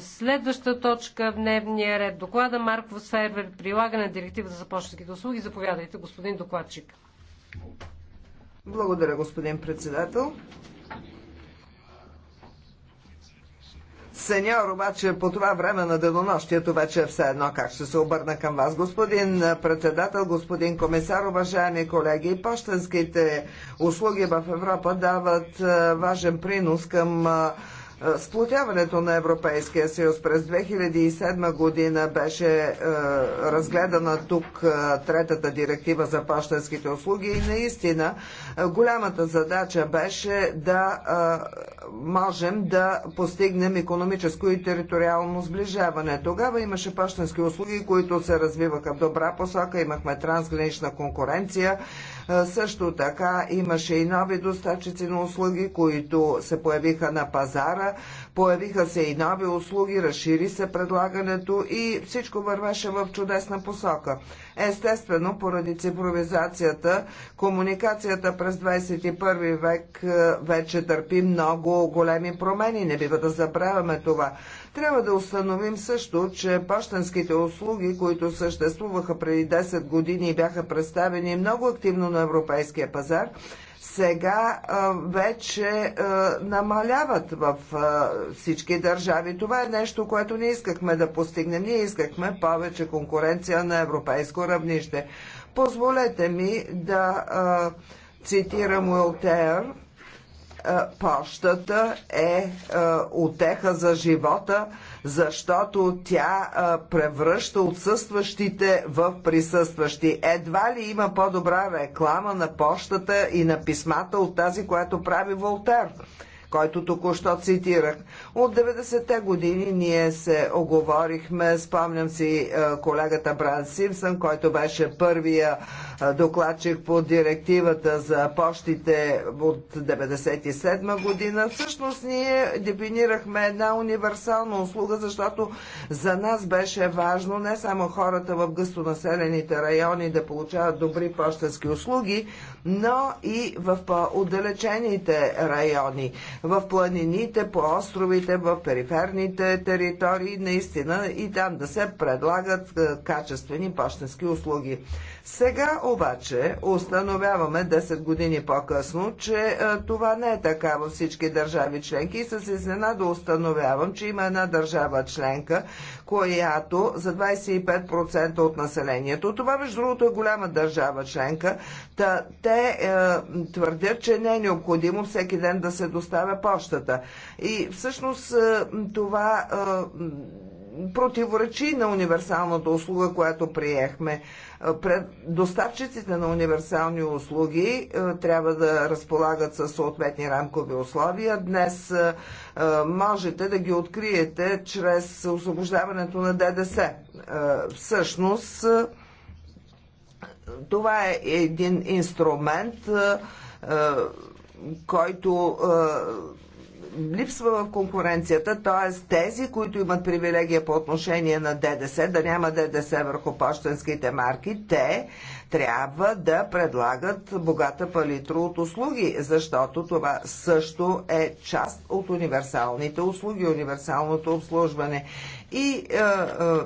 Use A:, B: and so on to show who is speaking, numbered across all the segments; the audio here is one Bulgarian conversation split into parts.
A: следваща точка в дневния ред. Доклада Марко Сервер прилагане на директивата за почтенските услуги. Заповядайте, господин докладчик.
B: Благодаря, господин председател. Сеньор, обаче по това време на денонощието вече е все едно как ще се обърна към вас. Господин председател, господин комисар, уважаеми колеги, почтенските услуги в Европа дават е, важен принос към е, е, сплотяването на Европейския съюз през 2007 година беше е, разгледана тук е, третата директива за пащенските услуги и наистина е, голямата задача беше да е, можем да постигнем економическо и териториално сближаване. Тогава имаше пащенски услуги, които се развиваха в добра посока, имахме трансгранична конкуренция, също така имаше и нови доставчици на услуги, които се появиха на пазара появиха се и нови услуги, разшири се предлагането и всичко вървеше в чудесна посока. Естествено, поради цифровизацията, комуникацията през 21 век е, вече търпи много големи промени. Не бива да забравяме това. Трябва да установим също, че почтенските услуги, които съществуваха преди 10 години и бяха представени много активно на европейския пазар, сега вече намаляват в всички държави. Това е нещо, което не искахме да постигнем. Ние искахме повече конкуренция на европейско равнище. Позволете ми да цитирам Уилтер, пощата е отеха е, е, за живота, защото тя е, превръща отсъстващите в присъстващи. Едва ли има по-добра реклама на пощата и на писмата от тази, която прави Волтер който току-що цитирах. От 90-те години ние се оговорихме, спомням си колегата Бран Симпсън, който беше първия докладчик по директивата за почтите от 1997 година. Всъщност ние дефинирахме една универсална услуга, защото за нас беше важно не само хората в гъстонаселените райони да получават добри почтенски услуги, но и в по-отдалечените райони, в планините, по островите, в периферните територии, наистина и там да се предлагат качествени почтенски услуги. Сега обаче установяваме 10 години по-късно, че е, това не е така във всички държави членки и с изненада установявам, че има една държава членка, която за 25% от населението, това между другото е голяма държава членка, та, те е, твърдят, че не е необходимо всеки ден да се доставя почтата. И всъщност е, това е, противоречи на универсалната услуга, която приехме. Е, пред доставчиците на универсални услуги е, трябва да разполагат със съответни рамкови условия. Днес е, можете да ги откриете чрез освобождаването на ДДС. Всъщност, това е един инструмент, който липсва в конкуренцията, т.е. тези, които имат привилегия по отношение на ДДС, да няма ДДС върху почтенските марки, те трябва да предлагат богата палитра от услуги, защото това също е част от универсалните услуги, универсалното обслужване. И е, е,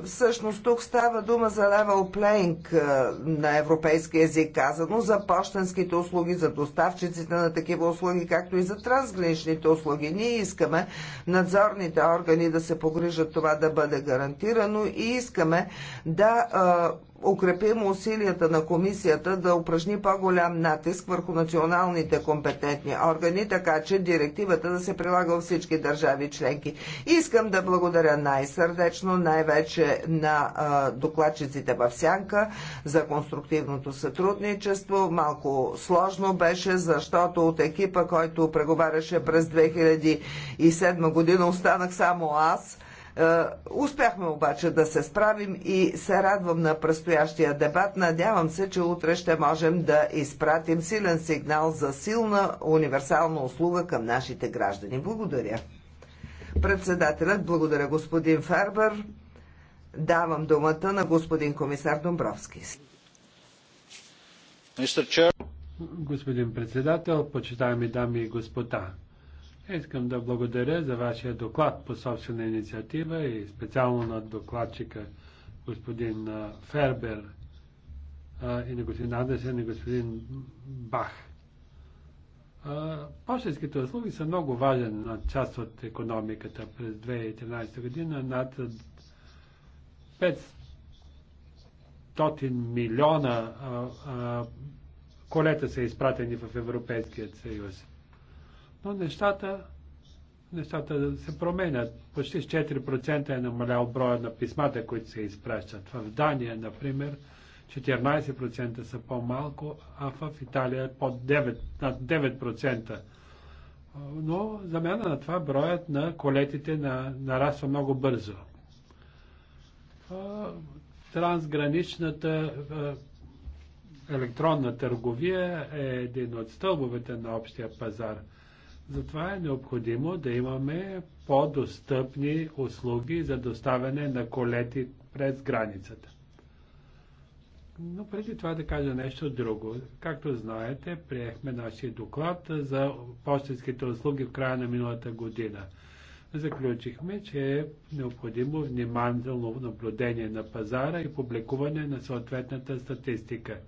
B: всъщност тук става дума за level playing е, на европейски язик казано за почтенските услуги, за доставчиците на такива услуги, както и за трансграничните услуги. Ние искаме надзорните органи да се погрижат това да бъде гарантирано и искаме да е, укрепим усилията на комисията да упражни по-голям натиск върху националните компетентни органи, така че директивата да се прилага във всички държави членки. Искам да благодаря най-сърдечно, най-вече на докладчиците в Сянка за конструктивното сътрудничество. Малко сложно беше, защото от екипа, който преговаряше през 2007 година, останах само аз – е, успяхме обаче да се справим и се радвам на предстоящия дебат. Надявам се, че утре ще можем да изпратим силен сигнал за силна универсална услуга към нашите граждани. Благодаря. Председателят, благодаря господин Фербер. Давам думата на господин комисар Домбровски.
C: Господин председател, почитаеми дами и господа, Искам да благодаря за вашия доклад по собствена инициатива и специално на докладчика господин Фербер и на господин Андесен и господин Бах. Почтенските услуги са много важен част от економиката през 2013 година. Над 500 милиона колета са изпратени в Европейският съюз. Но нещата, нещата се променят. Почти с 4% е намалял броя на писмата, които се изпращат. В Дания, например, 14% са по-малко, а в Италия е под 9, над 9%. Но замяна на това броят на колетите на, нараства много бързо. Трансграничната електронна търговия е един от стълбовете на общия пазар – затова е необходимо да имаме по-достъпни услуги за доставяне на колети през границата. Но преди това да кажа нещо друго. Както знаете, приехме нашия доклад за почтенските услуги в края на миналата година. Заключихме, че е необходимо внимателно наблюдение на пазара и публикуване на съответната статистика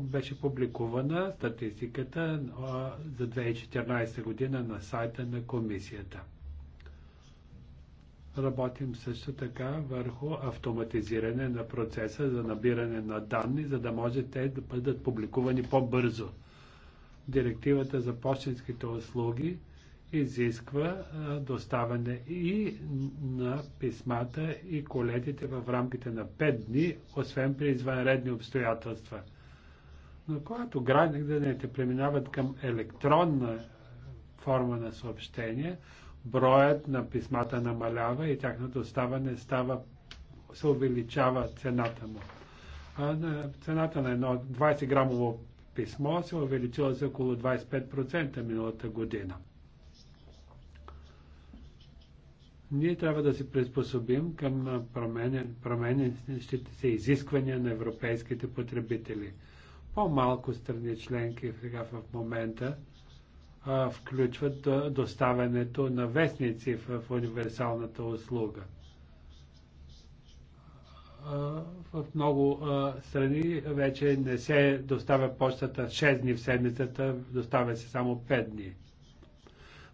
C: беше публикувана статистиката за 2014 година на сайта на комисията. Работим също така върху автоматизиране на процеса за набиране на данни, за да може те да бъдат публикувани по-бързо. Директивата за почтенските услуги изисква доставане и на писмата и колетите в рамките на 5 дни, освен при извънредни обстоятелства – но когато гражданите преминават към електронна форма на съобщение, броят на писмата намалява и тяхното ставане става, се увеличава цената му. А на цената на едно 20 грамово писмо се е увеличила за около 25% миналата година. Ние трябва да се приспособим към променящите се изисквания на европейските потребители – по-малко страни членки сега в момента а, включват доставянето на вестници в, в универсалната услуга. в много а, страни вече не се доставя почтата 6 дни в седмицата, доставя се само 5 дни.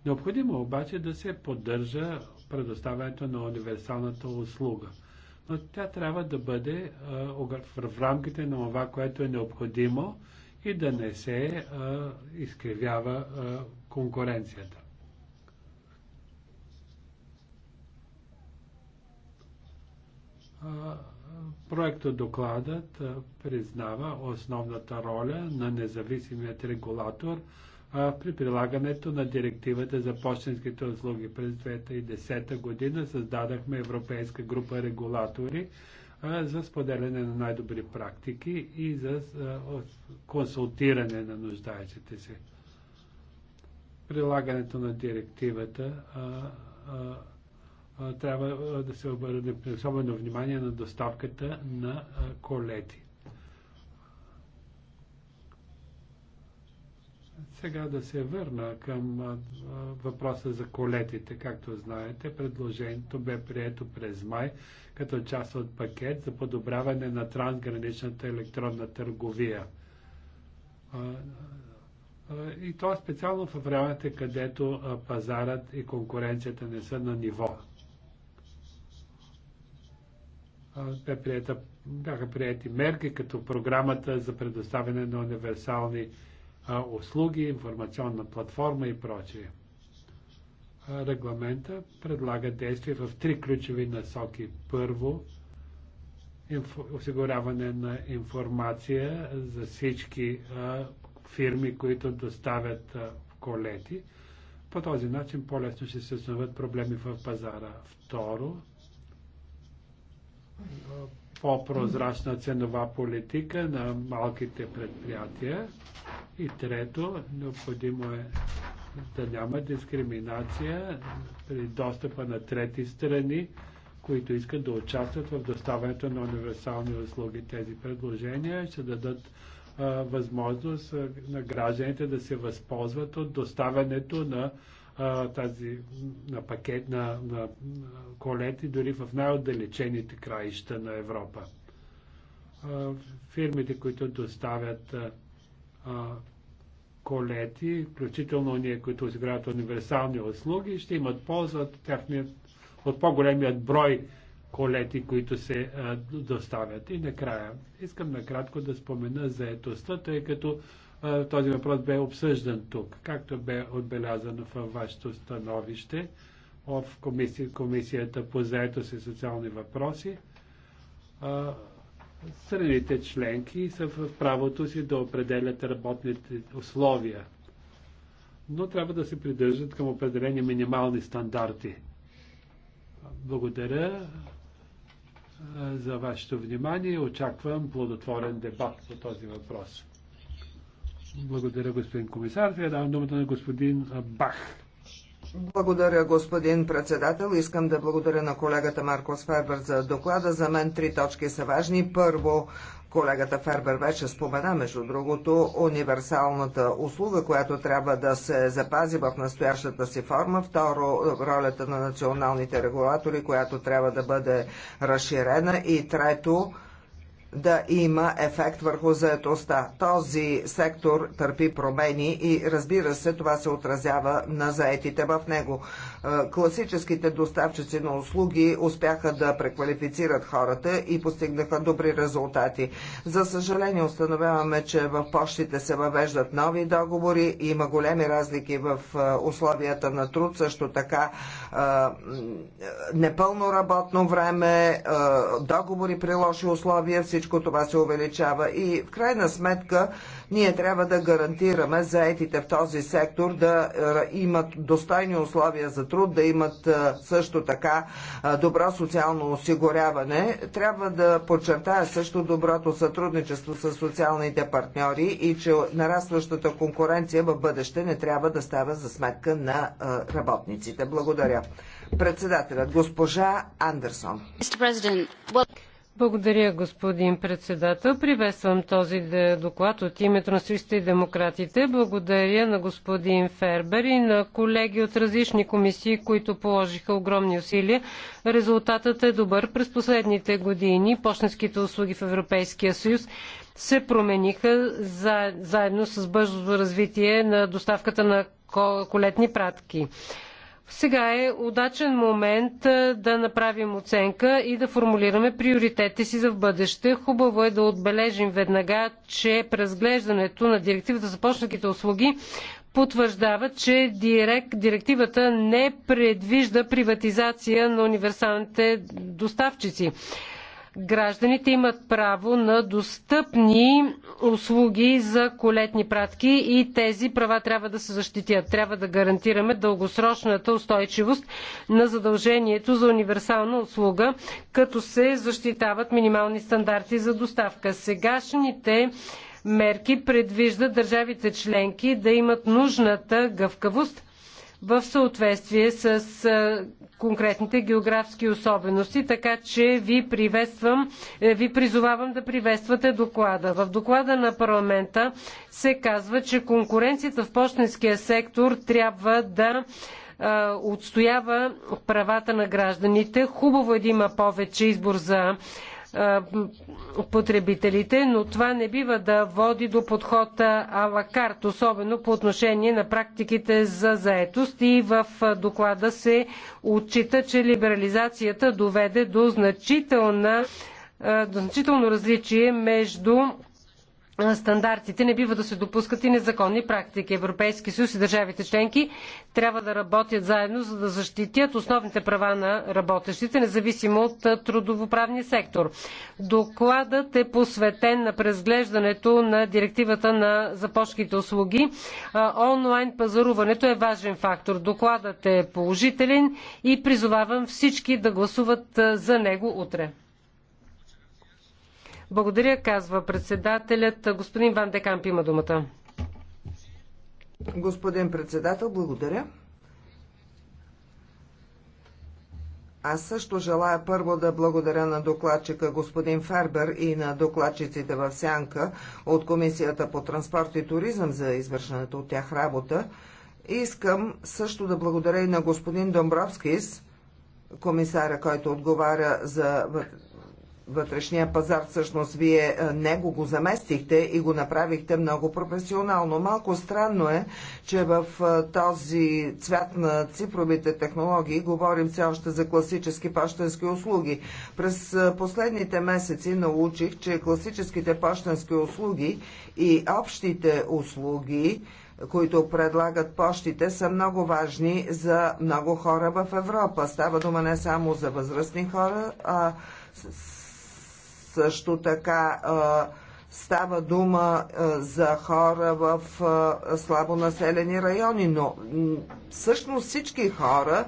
C: Необходимо обаче да се поддържа предоставянето на универсалната услуга – но тя трябва да бъде в рамките на това, което е необходимо и да не се изкривява конкуренцията. Проектът докладът признава основната роля на независимият регулатор – при прилагането на директивата за почтенските услуги. През 2010 година създадахме Европейска група регулатори за споделяне на най-добри практики и за консултиране на нуждаещите се. Прилагането на директивата трябва да се обърне особено внимание на доставката на колети. Сега да се върна към въпроса за колетите. Както знаете, предложението бе прието през май като част от пакет за подобряване на трансграничната електронна търговия. И то специално в времето, където пазарът и конкуренцията не са на ниво. Бе приета, бяха прияти мерки, като програмата за предоставяне на универсални услуги, информационна платформа и прочие. Регламента предлага действия в три ключови насоки. Първо, осигуряване на информация за всички фирми, които доставят колети. По този начин по-лесно ще се основат проблеми в пазара. Второ, по-прозрачна ценова политика на малките предприятия. И трето, необходимо е да няма дискриминация при достъпа на трети страни, които искат да участват в доставянето на универсални услуги. Тези предложения ще дадат а, възможност а, на гражданите да се възползват от доставянето на а, тази на пакет на, на колети дори в най-отдалечените краища на Европа. А, фирмите, които доставят а, колети, включително ние, които изграждат универсални услуги, ще имат полза от, тяхният, от по-големият брой колети, които се а, доставят. И накрая, искам накратко да спомена заетостта, тъй като този въпрос бе обсъждан тук, както бе отбелязано във вашето становище в комисията, комисията по заетост и социални въпроси. Страните членки са в правото си да определят работните условия, но трябва да се придържат към определени минимални стандарти. Благодаря за вашето внимание. и Очаквам плодотворен дебат по този въпрос. Благодаря, господин комисар. Сега давам думата на господин Бах.
B: Благодаря, господин председател. Искам да благодаря на колегата Маркос Фербер за доклада. За мен три точки са важни. Първо, Колегата Фербер вече спомена, между другото, универсалната услуга, която трябва да се запази в настоящата си форма. Второ, ролята на националните регулатори, която трябва да бъде разширена. И трето, да има ефект върху заетостта. Този сектор търпи промени и разбира се, това се отразява на заетите в него. Е, класическите доставчици на услуги успяха да преквалифицират хората и постигнаха добри резултати. За съжаление установяваме, че в почтите се въвеждат нови договори, и има големи разлики в е, условията на труд, също така е, непълно работно време, договори при лоши условия, всички всичко това се увеличава. И в крайна сметка ние трябва да гарантираме заетите в този сектор да е, имат достойни условия за труд, да имат е, също така е, добро социално осигуряване. Трябва да подчертая също доброто сътрудничество с социалните партньори и че нарастващата конкуренция в бъдеще не трябва да става за сметка на работниците. Благодаря. Председателят госпожа Андерсон.
A: Благодаря, господин председател. Приветствам този доклад от името на Съюзите и демократите. Благодаря на господин Фербер и на колеги от различни комисии, които положиха огромни усилия. Резултатът е добър. През последните години почтенските услуги в Европейския съюз се промениха заедно с бързото развитие на доставката на колетни пратки. Сега е удачен момент е, да направим оценка и да формулираме приоритетите си за в бъдеще. Хубаво е да отбележим веднага, че разглеждането на директивата за почнаките услуги потвърждава, че директ, директивата не предвижда приватизация на универсалните доставчици. Гражданите имат право на достъпни услуги за колетни пратки и тези права трябва да се защитят. Трябва да гарантираме дългосрочната устойчивост на задължението за универсална услуга, като се защитават минимални стандарти за доставка. Сегашните мерки предвиждат държавите членки да имат нужната гъвкавост в съответствие с конкретните географски особености, така че ви приветствам, е, ви призовавам да приветствате доклада. В доклада на парламента се казва, че конкуренцията в почтенския сектор трябва да отстоява правата на гражданите. Хубаво е да има повече избор за е, потребителите, но това не бива да води до подхода алакарт, особено по отношение на практиките за заетост и в доклада се отчита, че либерализацията доведе до значителна е, до значително различие между стандартите не бива да се допускат и незаконни практики. Европейски съюз и държавите членки трябва да работят заедно, за да защитят основните права на работещите, независимо от трудовоправния сектор. Докладът е посветен на презглеждането на директивата на започките услуги. Онлайн пазаруването е важен фактор. Докладът е положителен и призовавам всички да гласуват за него утре. Благодаря, казва председателят. Господин Ван Декамп има думата.
B: Господин председател, благодаря. Аз също желая първо да благодаря на докладчика господин Фербер и на докладчиците в Сянка от Комисията по транспорт и туризъм за извършената от тях работа. Искам също да благодаря и на господин Домбровскис, комисаря, който отговаря за вътрешния пазар. Всъщност, вие е, него го заместихте и го направихте много професионално. Малко странно е, че в е, този цвят на цифровите технологии говорим все още за класически пощенски услуги. През е, последните месеци научих, че класическите пощенски услуги и общите услуги които предлагат пощите, са много важни за много хора в Европа. Става дума не само за възрастни хора, а също така става дума за хора в слабо населени райони, но всъщност всички хора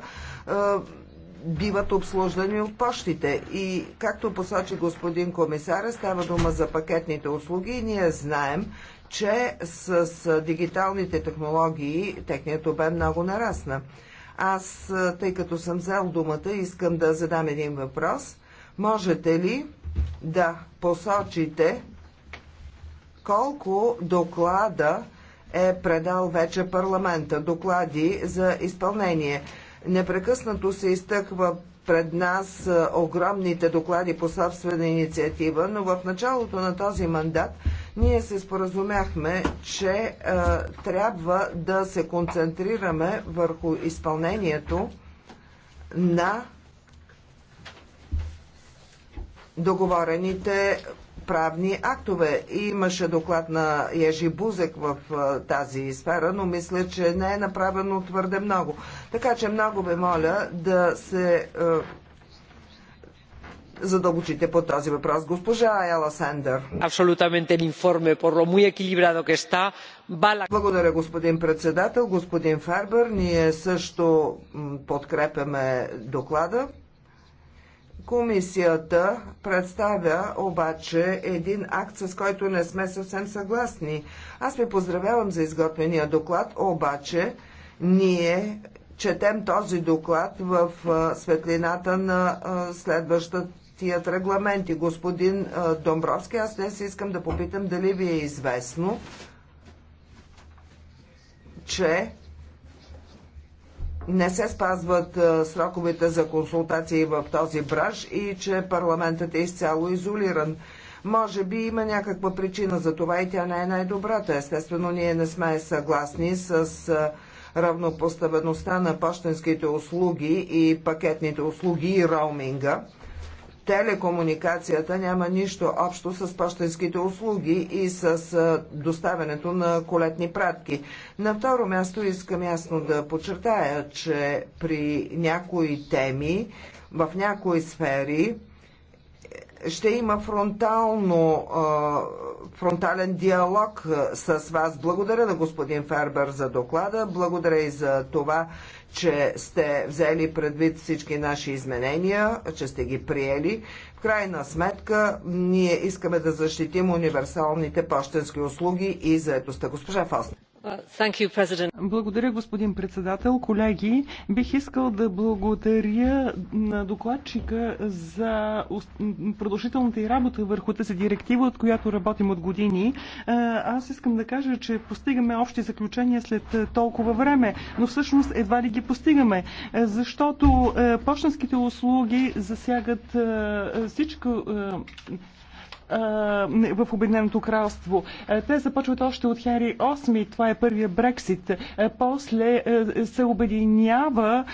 B: биват обслуждани от почтите. И както посочи господин комисар, става дума за пакетните услуги и ние знаем, че с дигиталните технологии техният обем много нарасна. Аз, тъй като съм взел думата, искам да задам един въпрос. Можете ли да посочите колко доклада е предал вече парламента, доклади за изпълнение. Непрекъснато се изтъква пред нас е, огромните доклади по собствена инициатива, но в началото на този мандат ние се споразумяхме, че е, трябва да се концентрираме върху изпълнението на договорените правни актове. Имаше доклад на Ежи Бузек в тази сфера, но мисля, че не е направено твърде много. Така че много ви моля да се задълбочите по този въпрос. Госпожа Ела Сендър.
A: Абсолютаменте информе, por
B: lo muy Благодаря, господин председател. Господин Фарбър, ние също подкрепяме доклада. Комисията представя обаче един акт, с който не сме съвсем съгласни. Аз ви поздравявам за изготвения доклад, обаче ние четем този доклад в светлината на следващата тият регламенти. Господин Домбровски, аз днес искам да попитам дали ви е известно, че не се спазват е, сроковете за консултации в този бранш и че парламентът е изцяло изолиран. Може би има някаква причина за това и тя не е най-добрата. Естествено, ние не сме съгласни с е, равнопоставеността на почтенските услуги и пакетните услуги и роуминга. Телекомуникацията няма нищо общо с почтенските услуги и с доставянето на колетни пратки. На второ място искам ясно да подчертая, че при някои теми, в някои сфери, ще има фронтално, фронтален диалог с вас. Благодаря на господин Фербер за доклада, благодаря и за това, че сте взели предвид всички наши изменения, че сте ги приели. В крайна сметка, ние искаме да защитим универсалните пощенски услуги и заедостта. Госпожа Фасна
D: благодаря, господин председател. Колеги, бих искал да благодаря на докладчика за продължителната и работа върху тази директива, от която работим от години. Аз искам да кажа, че постигаме общи заключения след толкова време, но всъщност едва ли ги постигаме, защото почтенските услуги засягат всичко в Обединеното кралство. Те започват още от Хери 8, това е първия Брексит. После се обединява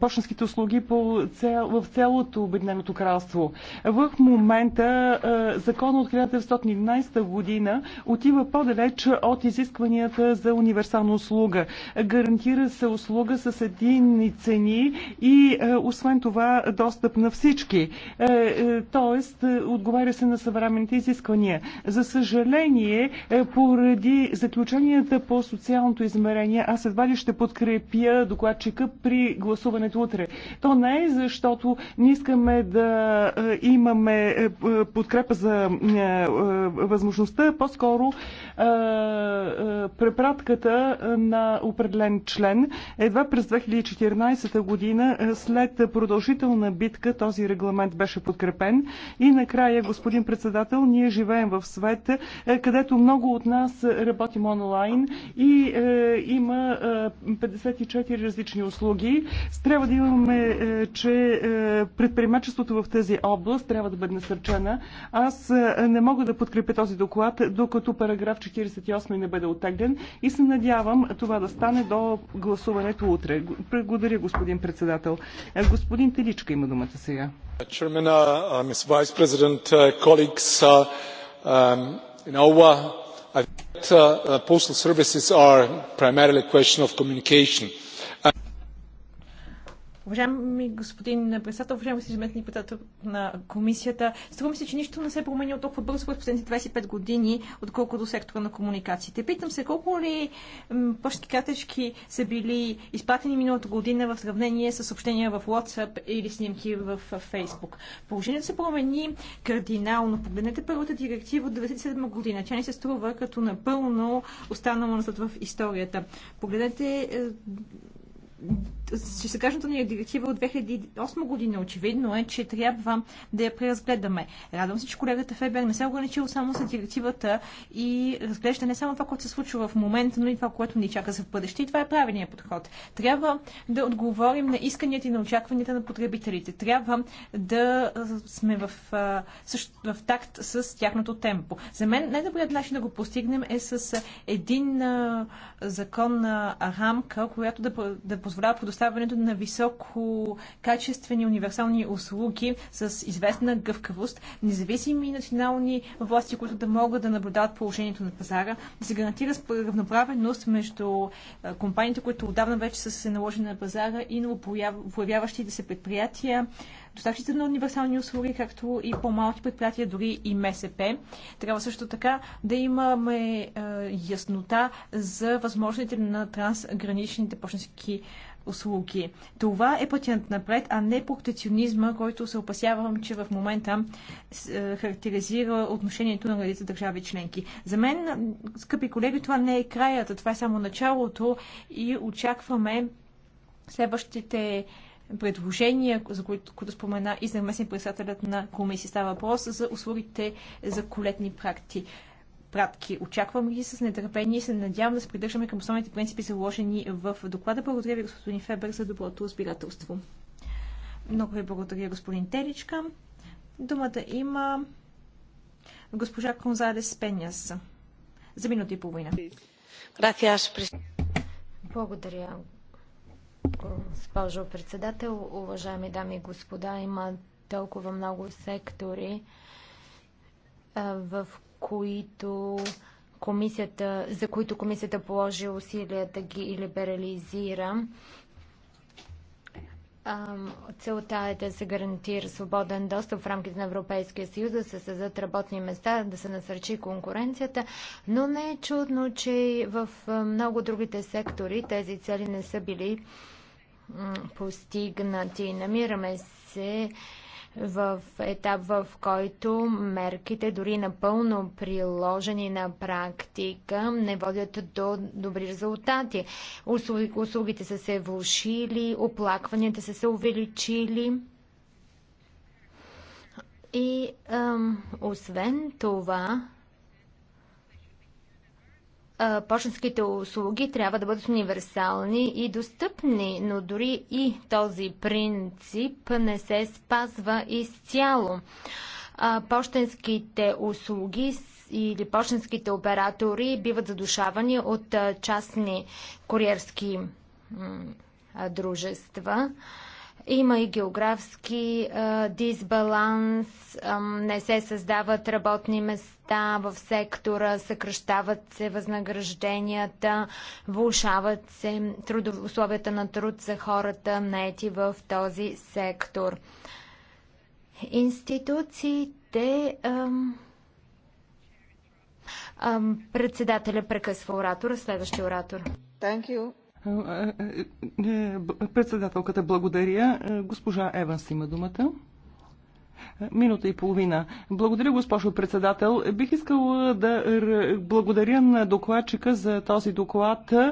D: почтенските услуги по цел, в цялото Обединеното кралство. В момента закон от 1911 година отива по-далеч от изискванията за универсална услуга. Гарантира се услуга с единни цени и освен това достъп на всички. Е, е, тоест, т.е. отговаря се на съвременните изисквания. За съжаление, е, поради заключенията по социалното измерение, аз едва ли ще подкрепя докладчика при гласуването утре. То не е защото не искаме да е, имаме е, подкрепа за възможността, по-скоро препратката на определен член. Едва през 2014 година, след продължителна битка, този регламент беше подкрепен и накрая, господин председател, ние живеем в свет, е, където много от нас работим онлайн и е, има е, 54 различни услуги. Трябва да имаме, е, че е, предприемачеството в тази област трябва да бъде насърчена. Аз е, не мога да подкрепя този доклад, докато параграф 48 не бъде оттеглен и се надявам това да стане до гласуването утре. Благодаря, господин председател. Е, господин Теличка има думата сега.
C: Mr uh, Ms. Vice President, colleagues, uh, um, in postal services are primarily a question of communication
E: Уважаеми господин председател, уважаеми си заместни председател на комисията, струва ми се, че нищо не се е променило толкова бързо през последните 25 години, отколкото сектора на комуникациите. Питам се, колко ли почти картички са били изпратени миналата година в сравнение с съобщения в WhatsApp или снимки в Facebook. Положението се промени кардинално. Погледнете първата директива от 1997 година. Тя ни се струва като напълно останала назад в историята. Погледнете е, че сегашната ни е директива от 2008 година. Очевидно е, че трябва да я преразгледаме. Радвам се, че колегата Фебер не се е ограничил само с директивата и разглежда не само това, което се случва в момента, но и това, което ни чака за в бъдеще. И това е правилният подход. Трябва да отговорим на исканията и на очакванията на потребителите. Трябва да сме в, в, в такт с тяхното темпо. За мен най-добрият начин да го постигнем е с един законна рамка, която да, да позволява предоставяне предоставянето на високо качествени универсални услуги с известна гъвкавост, независими национални власти, които да могат да наблюдават положението на пазара, да се гарантира равноправеност между компаниите, които отдавна вече са се наложени на пазара и новопоявяващите се предприятия, доставчиците на универсални услуги, както и по-малки предприятия, дори и МСП. Трябва също така да имаме е, яснота за възможностите на трансграничните почтенски услуги. Това е пътят напред, а не протекционизма, който се опасявам, че в момента е, характеризира отношението на редица държави членки. За мен, скъпи колеги, това не е краят, това е само началото и очакваме следващите предложения, за които, които спомена и заместник председателят на комисия. Става въпрос за услугите за колетни практики пратки. Очаквам ги с нетърпение и се надявам да се придържаме към основните принципи, заложени в доклада. Благодаря ви, господин Фебер, за доброто разбирателство. Много ви благодаря, господин Теличка. Думата има госпожа Конзадес Пеняс за минута и половина. Благодаря, госпожо председател.
F: Уважаеми дами и господа, има толкова много сектори, в които комисията, за които комисията положи усилия да ги либерализира. Целта е да се гарантира свободен достъп в рамките на Европейския съюз, да се създадат работни места, да се насърчи конкуренцията, но не е чудно, че в много другите сектори тези цели не са били постигнати. Намираме се в етап, в който мерките, дори напълно приложени на практика, не водят до добри резултати. Услугите са се влушили, оплакванията са се увеличили. И ам, освен това, почтенските услуги трябва да бъдат универсални и достъпни, но дори и този принцип не се спазва изцяло. Почтенските услуги или почтенските оператори биват задушавани от частни куриерски дружества. Има и географски а, дисбаланс, а, не се създават работни места в сектора, съкръщават се възнагражденията, влушават се условията на труд за хората, наети в този сектор. Институциите. А, председателя прекъсва оратора. Следващия оратор. Thank you.
D: Е, е, е, председателката благодаря. Госпожа Еванс има думата. Минута и половина. Благодаря, госпожо председател. Бих искала да благодаря на докладчика за този доклад. Е,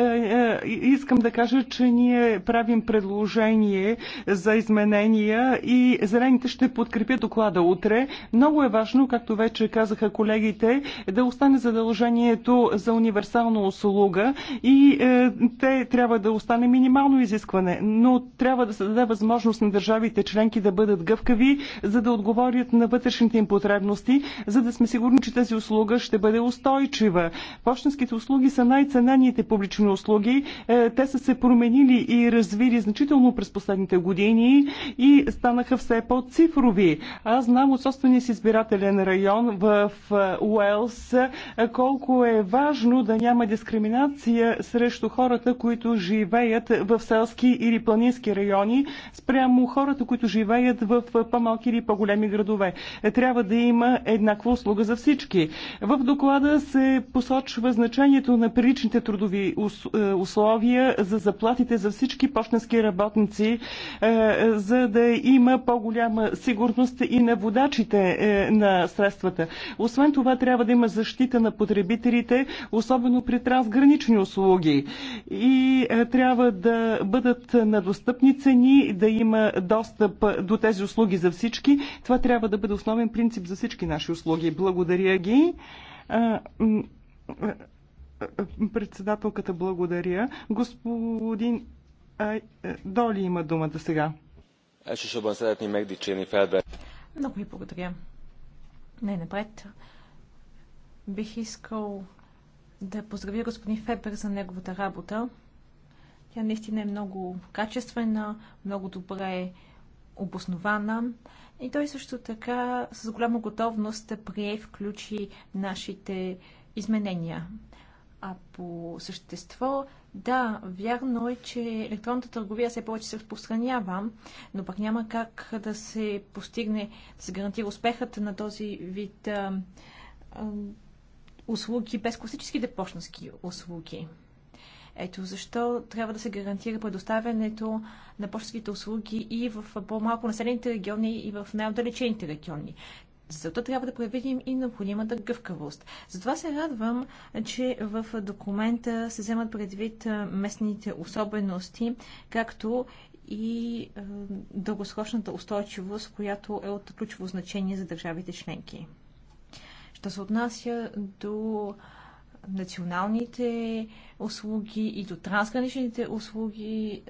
D: е, искам да кажа, че ние правим предложение за изменения и зелените ще подкрепят доклада утре. Много е важно, както вече казаха колегите, да остане задължението за универсална услуга и е, те трябва да остане минимално изискване, но трябва да се даде възможност на държавите членки да бъдат гъвкави за да отговорят на вътрешните им потребности, за да сме сигурни, че тази услуга ще бъде устойчива. Почтенските услуги са най-ценените публични услуги. Е, те са се променили и развили значително през последните години и станаха все по-цифрови. Аз знам от собствения си избирателен район в е, Уелс е, колко е важно да няма дискриминация срещу хората, които живеят в селски или планински райони, спрямо хората, които живеят в по-малки малки или по-големи градове. Трябва да има еднаква услуга за всички. В доклада се посочва значението на приличните трудови е, условия за заплатите за всички почтенски работници, е, за да има по-голяма сигурност и на водачите е, на средствата. Освен това, трябва да има защита на потребителите, особено при трансгранични услуги. И трябва да бъдат на достъпни цени, да има достъп до тези услуги за всички всички. Това трябва да бъде основен принцип за всички наши услуги. Благодаря ги. Председателката благодаря. Господин Доли има думата сега.
E: Много ви благодаря. Не, напред. Бих искал да поздравя господин Фебер за неговата работа. Тя наистина е много качествена, много добре обоснована. И той също така с голяма готовност прие включи нашите изменения. А по същество, да, вярно е, че електронната търговия все повече се разпространява, но пък няма как да се постигне, да се гарантира успехът на този вид а, а, услуги без класическите почнаски услуги. Ето защо трябва да се гарантира предоставянето на почтските услуги и в по-малко населените региони, и в най-отдалечените региони. Зато трябва да проявим и необходимата гъвкавост. Затова се радвам, че в документа се вземат предвид местните особености, както и дългосрочната устойчивост, която е от ключово значение за държавите членки. Що се отнася до националните услуги и до трансграничните услуги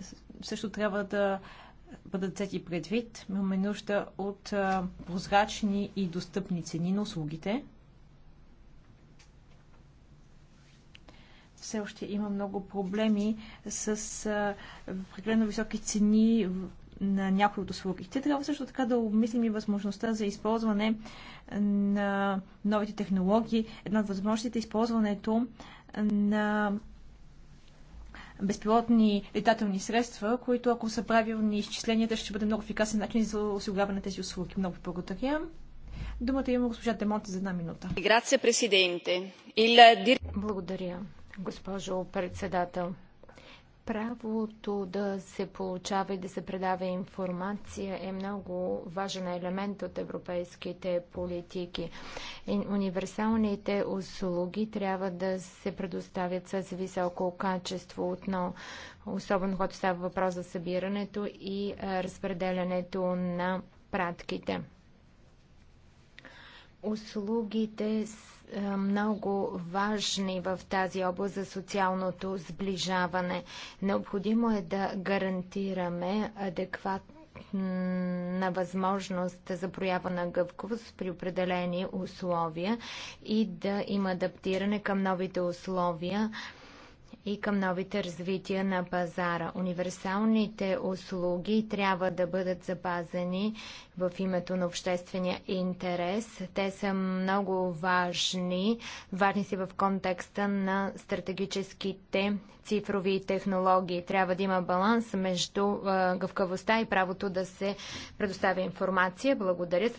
E: също трябва да бъдат взети предвид. Имаме нужда от прозрачни и достъпни цени на услугите. Все още има много проблеми с прекалено високи цени на някои от услугите. Трябва също така да обмислим и възможността за използване на новите технологии. Една от възможностите е използването на безпилотни летателни средства, които ако са правилни изчисленията, ще бъде много ефикасен начин за осигуряване на тези услуги. Много благодаря. Думата има госпожа Демонте за една минута. Благодаря, госпожо
F: председател. Правото да се получава и да се предава информация е много важен елемент от европейските политики. Универсалните услуги трябва да се предоставят с високо качество отново, особено когато става въпрос за събирането и разпределянето на пратките услугите са е, много важни в тази област за социалното сближаване. Необходимо е да гарантираме адекватна възможност за проява на гъвковост при определени условия и да има адаптиране към новите условия и към новите развития на пазара. Универсалните услуги трябва да бъдат запазени в името на обществения интерес. Те са много важни. Важни си в контекста на стратегическите цифрови технологии. Трябва да има баланс между гъвкавостта и правото да се предоставя информация. Благодаря.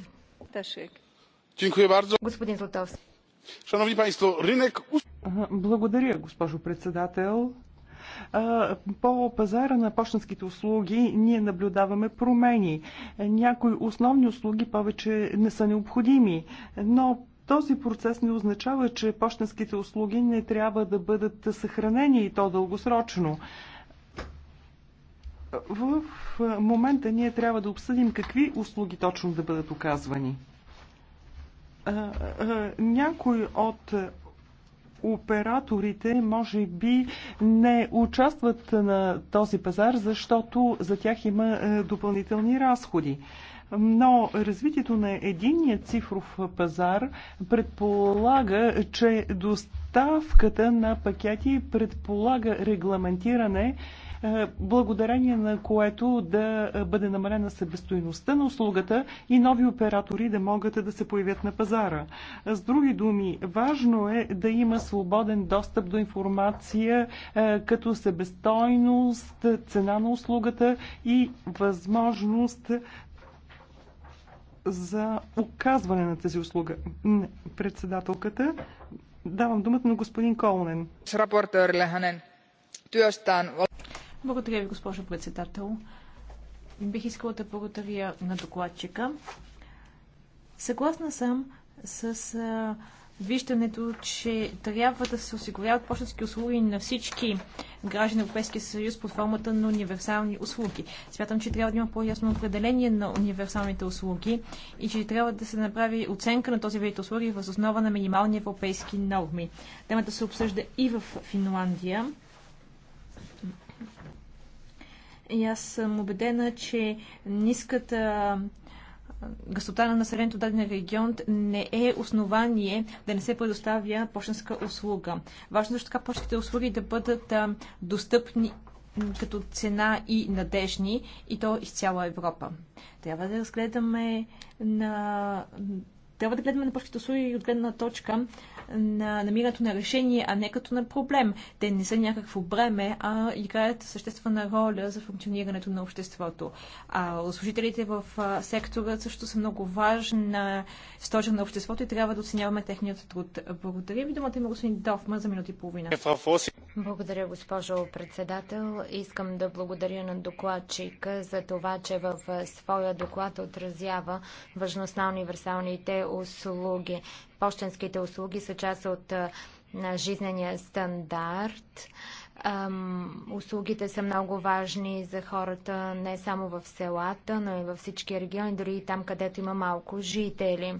F: Господин Златовски.
D: Благодаря, госпожо председател. По пазара на почтенските услуги ние наблюдаваме промени. Някои основни услуги повече не са необходими, но този процес не означава, че почтенските услуги не трябва да бъдат съхранени и то дългосрочно. В момента ние трябва да обсъдим какви услуги точно да бъдат оказвани някой от операторите може би не участват на този пазар, защото за тях има допълнителни разходи. Но развитието на единния цифров пазар предполага, че доставката на пакети предполага регламентиране е, благодарение на което да бъде намалена себестоиността на услугата и нови оператори да могат да се появят на пазара. С други думи, важно е да има свободен достъп до информация е, като себестойност, цена на услугата и възможност за оказване на тази услуга. Председателката, давам думата на господин Колнен.
E: Благодаря ви, госпожо председател. Бих искала да благодаря на докладчика. Съгласна съм с а, виждането, че трябва да се осигуряват почтенски услуги на всички граждани на Европейския съюз под формата на универсални услуги. Смятам, че трябва да има по-ясно определение на универсалните услуги и че трябва да се направи оценка на този вид услуги въз основа на минимални европейски норми. Темата се обсъжда и в Финландия. И аз съм убедена, че ниската гъстота на населението в даден регион не е основание да не се предоставя почтенска услуга. Важно е също така почтите услуги да бъдат достъпни като цена и надежни, и то из цяла Европа. Трябва да разгледаме на трябва да гледаме на правителство и от гледна точка на намирането на решение, а не като на проблем. Те не са някакво бреме, а играят съществена роля за функционирането на обществото. А служителите в сектора също са много важна стожа на обществото и трябва да оценяваме техният труд. Благодаря ви. Думата има господин Дофма за минути и половина.
F: Благодаря, госпожо председател. Искам да благодаря на докладчика за това, че в своя доклад отразява важността на универсалните услуги. Пощенските услуги са част от жизнения стандарт. Услугите са много важни за хората не само в селата, но и във всички региони, дори и там, където има малко жители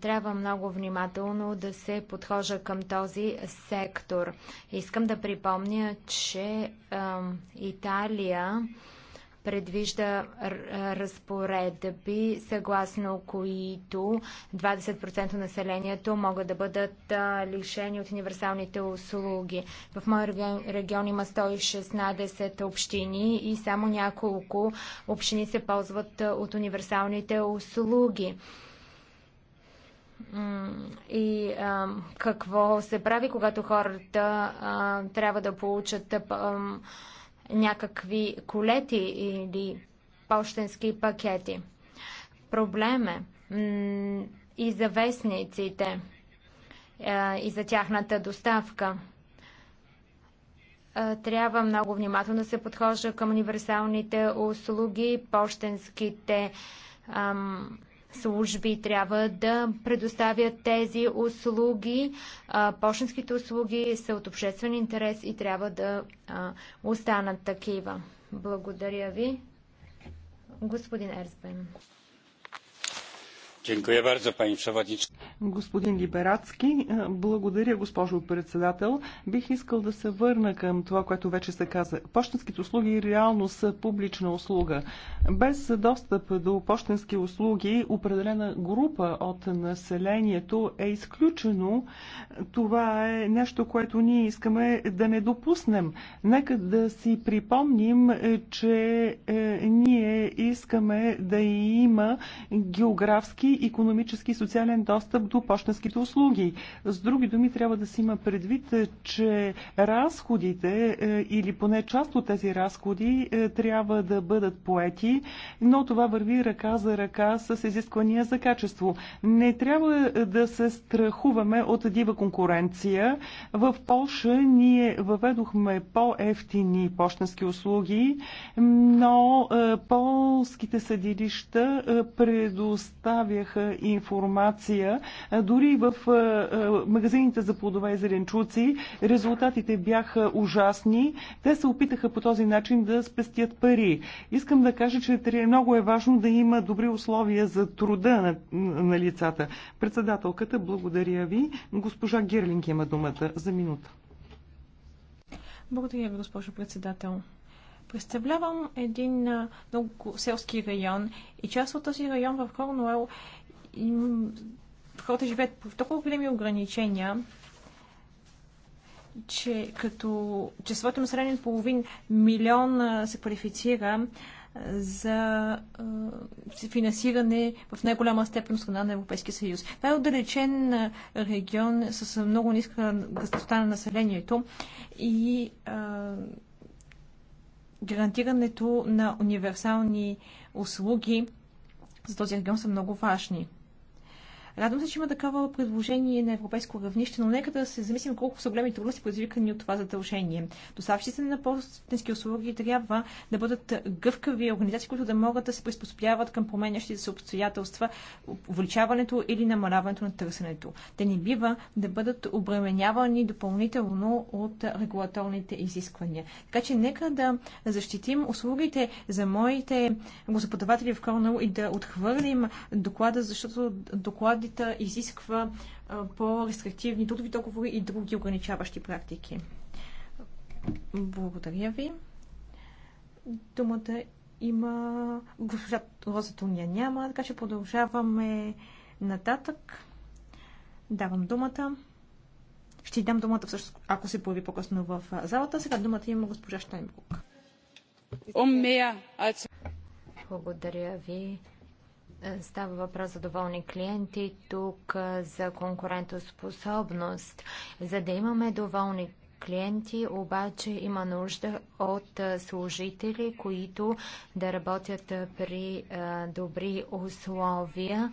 F: трябва много внимателно да се подхожа към този сектор. Искам да припомня, че Италия предвижда разпоредби, съгласно които 20% населението могат да бъдат лишени от универсалните услуги. В моя регион има 116 общини и само няколко общини се ползват от универсалните услуги и а, какво се прави, когато хората а, трябва да получат а, някакви колети или почтенски пакети. Проблем е и за вестниците, е, и за тяхната доставка. Е, трябва много внимателно да се подхожда към универсалните услуги, почтенските ам, служби трябва да предоставят тези услуги. Почтенските услуги са от обществен интерес и трябва да останат такива. Благодаря ви, господин Ерсбен.
D: Господин Либерацки, е, благодаря, госпожо председател. Бих искал да се върна към това, което вече се каза. Почтенските услуги реално са публична услуга. Без достъп до почтенски услуги, определена група от населението е изключено. Това е нещо, което ние искаме да не допуснем. Нека да си припомним, е, че е, ние искаме да има географски економически и социален достъп до почтенските услуги. С други думи, трябва да си има предвид, че разходите е, или поне част от тези разходи е, трябва да бъдат поети, но това върви ръка за ръка с изисквания за качество. Не трябва да се страхуваме от дива конкуренция. В Польша ние въведохме по-ефтини почтенски услуги, но е, полските съдилища предоставят предоставяха информация дори в магазините за плодове и зеленчуци. Резултатите бяха ужасни. Те се опитаха по този начин да спестят пари. Искам да кажа, че много е важно да има добри условия за труда на, на лицата. Председателката, благодаря ви. Госпожа Герлинг има думата за минута.
E: Благодаря ви, госпожо председател. Представлявам един много селски район и част от този район в Корнуел хората живеят в толкова големи ограничения, че като че своето население половин милион се квалифицира за а, финансиране в най-голяма степен страна на Европейския съюз. Това е отдалечен регион с много ниска гъстота на населението и а, гарантирането на универсални услуги за този регион са много важни. Радвам се, че има такова предложение на европейско равнище, но нека да се замислим колко са големи трудности, предизвикани от това задължение. Доставчиците на пощенски услуги трябва да бъдат гъвкави организации, които да могат да се приспособяват към променящите се обстоятелства, увеличаването или намаляването на търсенето. Те не бива да бъдат обременявани допълнително от регулаторните изисквания. Така че нека да защитим услугите за моите господаватели в Корнел и да отхвърлим доклада, защото доклад одита изисква по-рестриктивни трудови договори и други ограничаващи практики. Благодаря ви. Думата има... Госпожа Роза Туния няма, така че продължаваме нататък. Давам думата. Ще ти дам думата, всъщност, ако се появи по-късно в залата. Сега думата има госпожа Штайнбук.
F: Благодаря ви. Е, става въпрос за доволни клиенти, тук е, за конкурентоспособност. За да имаме доволни клиенти, обаче има нужда от е, служители, които да работят при добри условия.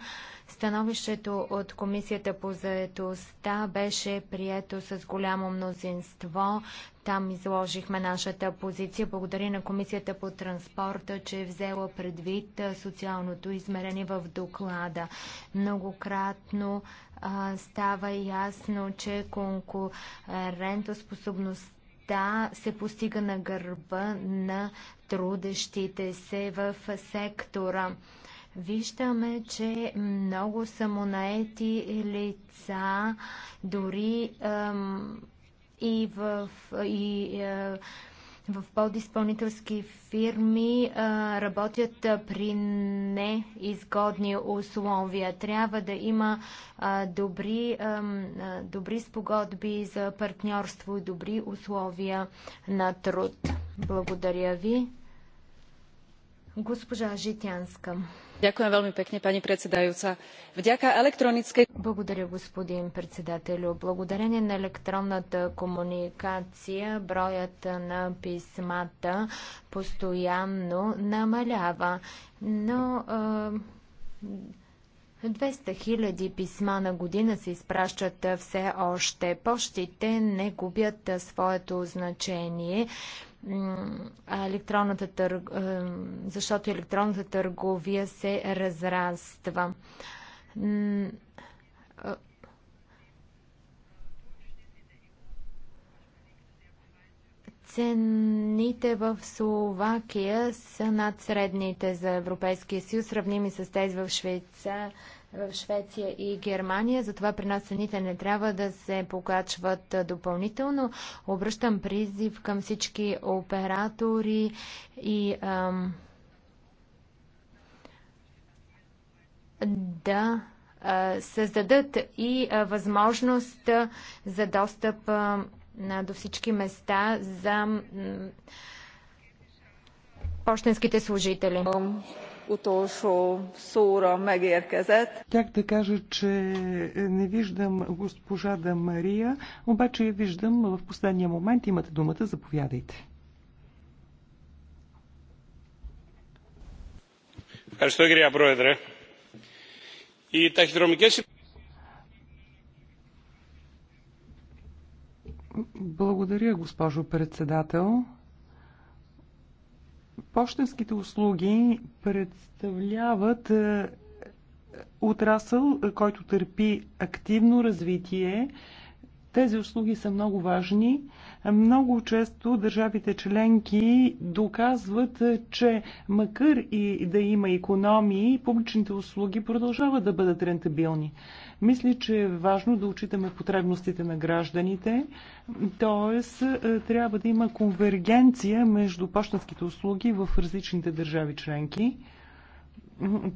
F: Становището от Комисията по заетостта беше прието с голямо мнозинство. Там изложихме нашата позиция. Благодаря на Комисията по транспорта, че е взела предвид социалното измерение в доклада. Многократно а, става ясно, че конкурентоспособността да се постига на гърба на трудещите се в сектора. Виждаме, че много самонаети лица, дори ем, и в, и, е, в подиспълнителски фирми е, работят при неизгодни условия. Трябва да има е, добри, е, добри спогодби за партньорство и добри условия на труд. Благодаря ви. Госпожа Житянска. Благодаря, господин председателю. Благодарение на електронната комуникация, броят на писмата постоянно намалява. Но двеста 200 хиляди писма на година се изпращат все още. Пощите не губят своето значение електронната търг... защото електронната търговия се разраства. Цените в Словакия са над средните за Европейския съюз, сравними с тези в Швейцария в Швеция и Германия, затова при нас цените не трябва да се покачват допълнително. Обръщам призив към всички оператори и ам, да а, създадат и а, възможност а, за достъп а, на, до всички места за м, почтенските служители utolsó szóra megérkezett.
D: Тях да кажа, че не виждам госпожа да Мария, обаче я виждам в последния момент. Имате думата, заповядайте.
C: Ευχαριστώ κυρία Πρόεδρε. Οι ταχυδρομικές...
D: Благодаря, госпожо председател. Пощенските услуги представляват е, отрасъл, който търпи активно развитие тези услуги са много важни. Много често държавите членки доказват, че макар и да има економии, публичните услуги продължават да бъдат рентабилни. Мисля, че е важно да учитаме потребностите на гражданите, т.е. трябва да има конвергенция между почтенските услуги в различните държави членки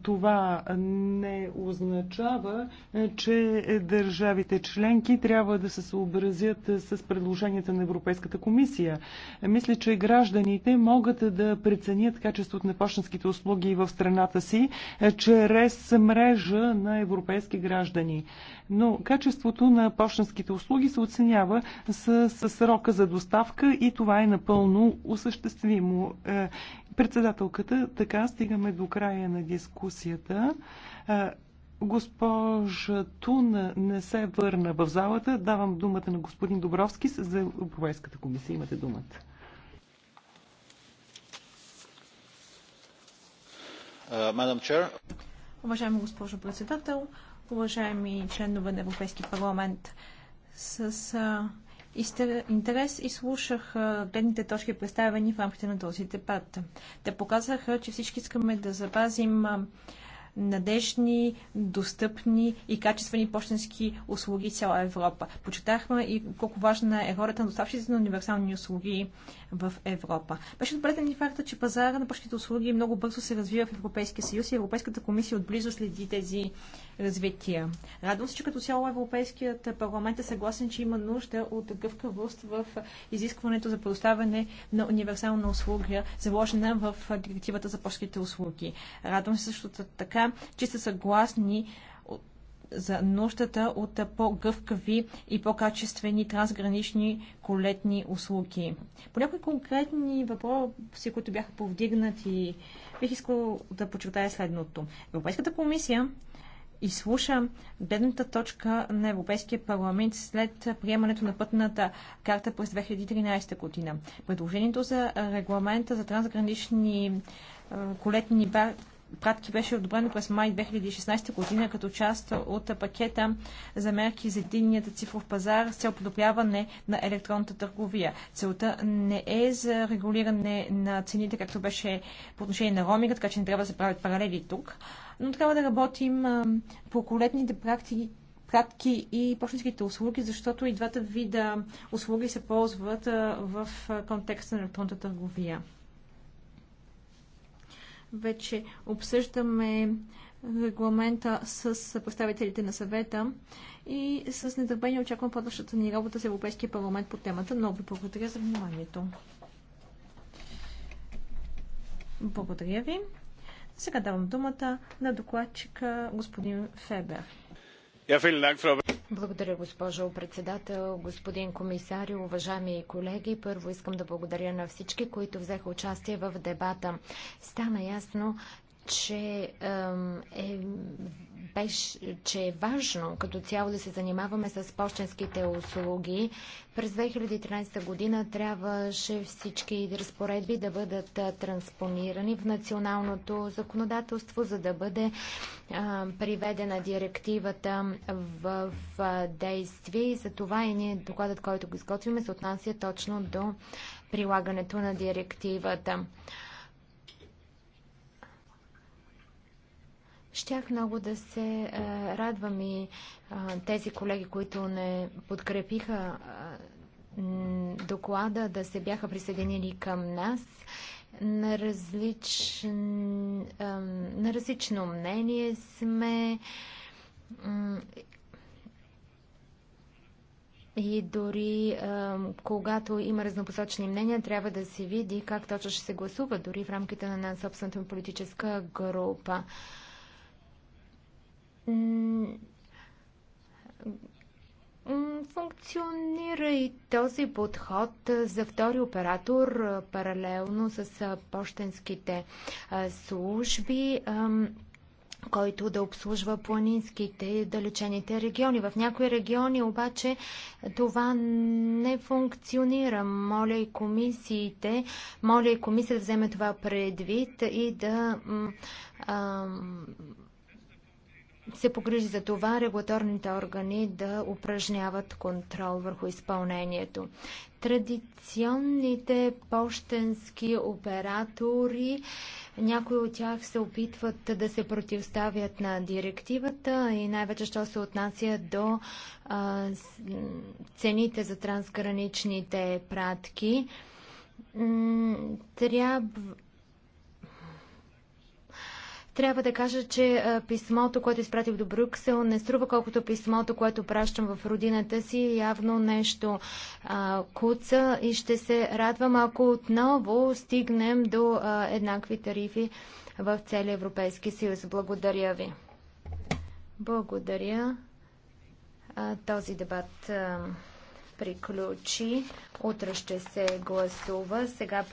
D: това не означава, че държавите членки трябва да се съобразят с предложенията на Европейската комисия. Мисля, че гражданите могат да преценят качеството на почтенските услуги в страната си е, чрез мрежа на европейски граждани. Но качеството на почтенските услуги се оценява с, срока за доставка и това е напълно осъществимо. Е, председателката, така стигаме до края на дискусията. Госпожа Тун не се върна в залата. Давам думата на господин Добровски за Европейската комисия. Имате думата.
C: Uh,
E: Уважаема госпожо председател, уважаеми членове на Европейски парламент, с интерес и слушах гледните точки, представени в рамките на този дебат. Те показаха, че всички искаме да запазим надежни, достъпни и качествени почтенски услуги цяла Европа. Почитахме и колко важна е ролята на доставчиците на универсални услуги в Европа. Беше отбелязан и факта, че пазара на почтените услуги много бързо се развива в Европейския съюз и Европейската комисия отблизо следи тези развития. Радвам се, че като цяло Европейският парламент е съгласен, че има нужда от гъвкавост в изискването за предоставяне на универсална услуга, заложена в директивата за почтените услуги. Радвам се също така, че са съгласни за нуждата от по-гъвкави и по-качествени трансгранични колетни услуги. По някои конкретни въпроси, които бяха повдигнати, бих искал да подчертая следното. Европейската комисия изслуша бедната точка на Европейския парламент след приемането на пътната карта през 2013 година. Предложението за регламента за трансгранични колетни бар пратки беше одобрено през май 2016 година като част от пакета за мерки за единният цифров пазар с цел подобряване на електронната търговия. Целта не е за регулиране на цените, както беше по отношение на роминга, така че не трябва да се правят паралели тук, но трябва да работим по колетните практики и почтенските услуги, защото и двата вида услуги се ползват в контекста на електронната търговия. Вече обсъждаме регламента с представителите на съвета и с нетърпение очаквам подващата ни работа с Европейския парламент по темата. Много ви благодаря за вниманието. Благодаря ви. Сега давам думата на докладчика господин Фебер.
F: Благодаря, госпожо председател, господин комисар, уважаеми колеги. Първо искам да благодаря на всички, които взеха участие в дебата. Стана ясно, че е, беше, че е важно като цяло да се занимаваме с почтенските услуги. През 2013 година трябваше всички разпоредби да бъдат транспонирани в националното законодателство, за да бъде а, приведена директивата в, в действие. И за това и ние докладът, който го изготвяме, се отнася точно до прилагането на директивата. Щях много да се е, радвам и е, тези колеги, които не подкрепиха е, доклада, да се бяха присъединили към нас на, различен, на различно мнение сме и дори когато има разнопосочни мнения, трябва да се види как точно ще се гласува, дори в рамките на собствената политическа група. функционира и този подход за втори оператор паралелно с почтенските служби, който да обслужва планинските и далечените региони. В някои региони обаче това не функционира. Моля и комисиите, моля и комисията да вземе това предвид и да се погрижи за това регулаторните органи да упражняват контрол върху изпълнението. Традиционните почтенски оператори, някои от тях се опитват да се противставят на директивата и най-вече, що се отнася до а, цените за трансграничните пратки. Трябва трябва да кажа, че писмото, което изпратих до Брюксел, не струва колкото писмото, което пращам в родината си. Явно нещо а, куца и ще се радвам, ако отново стигнем до а, еднакви тарифи в целия Европейски съюз. Благодаря ви. Благодаря. А, този дебат приключи. Утре ще се гласува. Сега